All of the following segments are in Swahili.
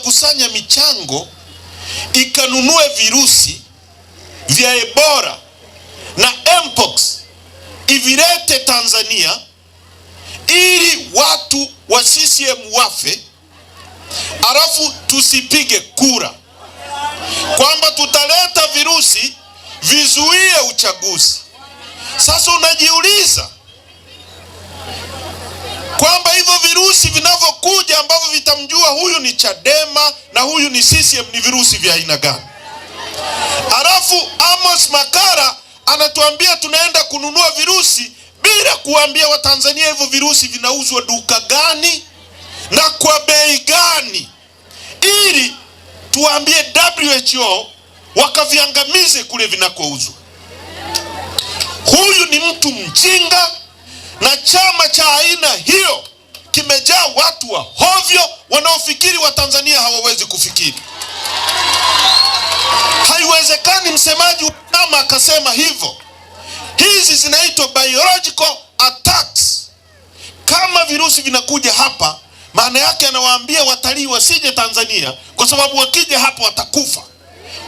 ikakusanya michango ikanunue virusi vya Ebola na Mpox ivilete Tanzania ili watu wa CCM wafe, alafu tusipige kura kwamba tutaleta virusi vizuie uchaguzi. Sasa unajiuliza kwamba hivyo virusi vinavyokuja ambavyo vitamjua huyu ni Chadema na huyu ni CCM ni virusi vya aina gani? Alafu Amos Makara anatuambia tunaenda kununua virusi bila kuambia Watanzania hivyo virusi vinauzwa duka gani na kwa bei gani, ili tuambie WHO wakaviangamize kule vinakouzwa. Huyu ni mtu mjinga, na chama cha aina hiyo kimejaa watu wa hovyo wanaofikiri Watanzania hawawezi kufikiri. Haiwezekani msemaji wa chama akasema hivyo. Hizi zinaitwa biological attacks. Kama virusi vinakuja hapa, maana yake anawaambia watalii wasije Tanzania kwa sababu wakija hapa watakufa.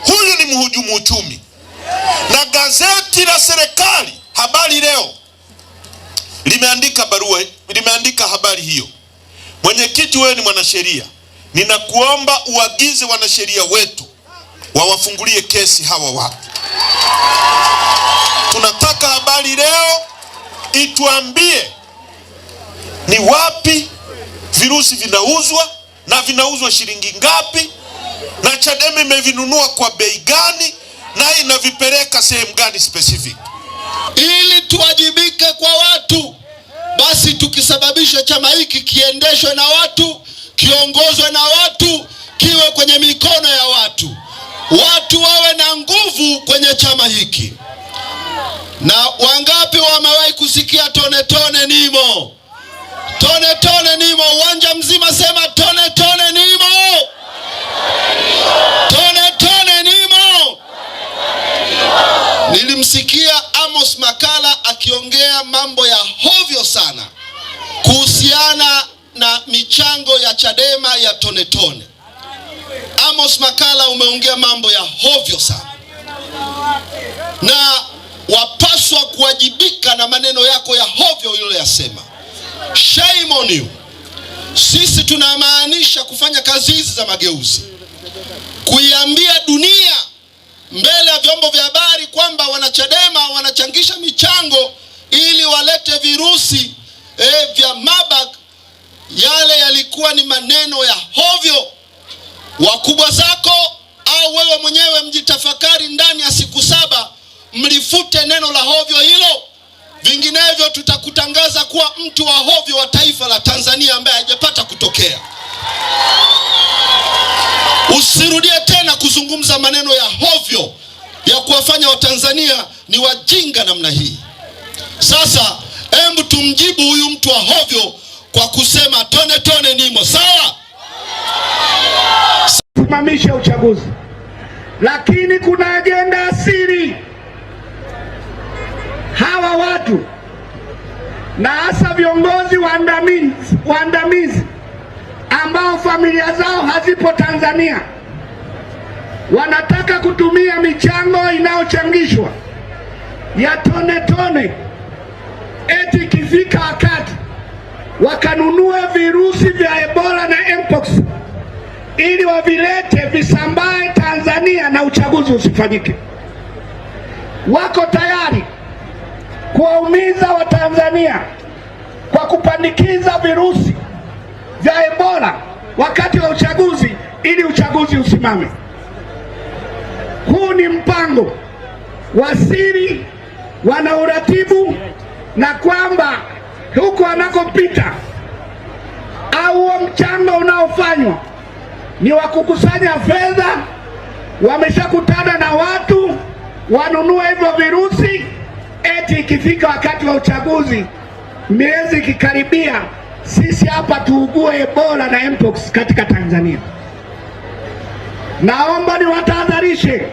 Huyu ni mhujumu uchumi, na gazeti la serikali Habari Leo limeandika barua, limeandika habari hiyo. Mwenyekiti, wewe ni mwanasheria, ninakuomba uagize wanasheria wetu wawafungulie kesi hawa watu. Tunataka habari leo ituambie ni wapi virusi vinauzwa na vinauzwa shilingi ngapi, na Chadema imevinunua kwa bei gani, na inavipeleka sehemu gani specific, ili tuwajibike kwa watu basi tukisababisha chama hiki kiendeshwe na watu, kiongozwe na watu, kiwe kwenye mikono ya watu, watu wawe na nguvu kwenye chama hiki. Na wangapi wamewahi kusikia tone tone nimo, tone tone nimo? Uwanja mzima sema tone tone nimo, tone tone nimo. Nilimsikia Amos Makala akiongea mambo michango ya Chadema ya tonetone. Amos Makala, umeongea mambo ya hovyo sana, na wapaswa kuwajibika na maneno yako ya hovyo uliyoyasema. Shame on you. Sisi tunamaanisha kufanya kazi hizi za mageuzi, kuiambia dunia mbele ya vyombo vya habari kwamba wanachadema wanachangisha michango ili walete virusi eh, vya mabak yale yalikuwa ni maneno ya hovyo. Wakubwa zako au wewe mwenyewe mjitafakari ndani ya siku saba, mlifute neno la hovyo hilo, vinginevyo tutakutangaza kuwa mtu wa hovyo wa taifa la Tanzania ambaye hajapata kutokea. Usirudie tena kuzungumza maneno ya hovyo ya kuwafanya Watanzania ni wajinga namna hii. Sasa hebu tumjibu huyu mtu wa hovyo kwa kusema tone tone nimo sawa, simamisha uchaguzi. Lakini kuna ajenda asiri hawa watu na hasa viongozi waandamizi waandamizi ambao familia zao hazipo Tanzania wanataka kutumia michango inayochangishwa ya tone tone, eti ikifika wakati wakanunue virusi vya Ebola na Mpox ili wavilete visambae Tanzania na uchaguzi usifanyike. Wako tayari kuwaumiza Watanzania kwa kupandikiza virusi vya Ebola wakati wa uchaguzi ili uchaguzi usimame. Huu ni mpango wa siri wanauratibu na kwamba huko anakopita au huo mchango unaofanywa ni wa kukusanya fedha, wameshakutana na watu wanunue hivyo virusi, eti ikifika wakati wa uchaguzi, miezi ikikaribia, sisi hapa tuugue Ebola na Mpox katika Tanzania. Naomba niwatahadharishe.